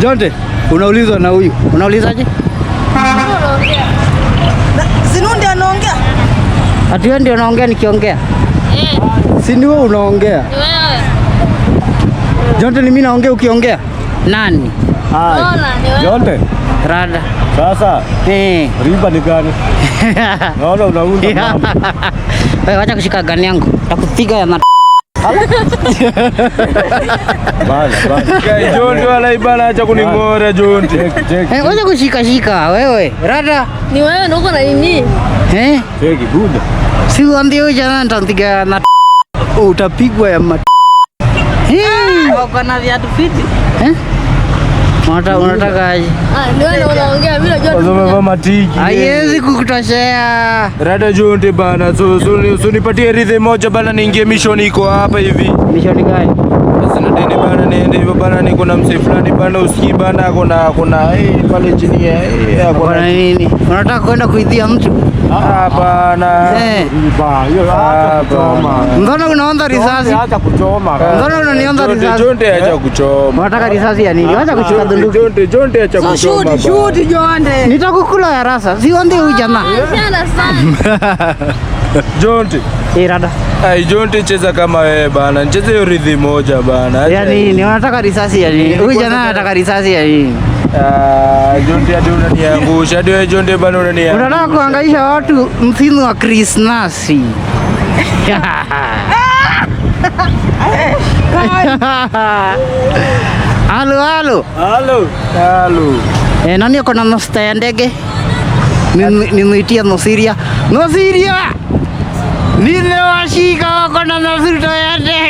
Jonte, unaulizwa na huyu. Unaulizaje? ndio anaongea. Ati wewe ndio unaongea nikiongea? Eh. Si ni wewe unaongea? Jonte, ni mimi naongea ukiongea? Nani? Hai. Jonte. Rada. Sasa. Eh. Riba ni gani? Naona unaunda. Wewe acha kushika gani yangu. Takupiga ya mata acha eh, kuning'ora Jonte. Wewe kushika shika wewe. Rada. Ni wewe ndio uko na nini? Eh? Cheki bunda. Si uambie huyu jana nitampiga na oh, utapigwa ya mat. Eh, ah, uko na viatu fiti. Eh? Unatakaje? Unataka ah, matiki. Haiwezi kukutoshea. Rada jonte bana, so so nipatie ridhi moja bana, niingie mission iko hapa hivi. Mission gani? Madini bana, niende hivyo bana, niko na msee fulani bana, usikii bana, kuna kuna eh pale chini ya eh, kuna nini? Unataka kwenda kuidhia mtu? Ah bana, eh. ba hiyo hata kuchoma. Mbona unaonza risasi? Hata kuchoma. Eh. Mbona unanionza risasi? Jonde acha eh? kuchoma. Unataka risasi ya nini? Acha kuchoma dunduki. Jonde jonde acha kuchoma. Shoot shoot jonde. Nitakukula ya rasa. Sionde huyu jamaa. Ah, sana sana. Jonti. Eh, rada. Ai, Jonti cheza kama wewe bana. Cheza hiyo rhythm moja bana. Ya nini? Wanataka risasi ya nini? Huyu jana anataka risasi ya nini? Ah, Jonti hadi unaniangusha. Hadi wewe Jonti bana unaniangusha. Unataka kuangaisha watu msimu wa Christmas. Halo, halo. Halo. Halo. Eh, nani uko na masta ya ndege? Nimeitia Nosiria. Nosiria! 시가 왔거나 나술줘야 돼.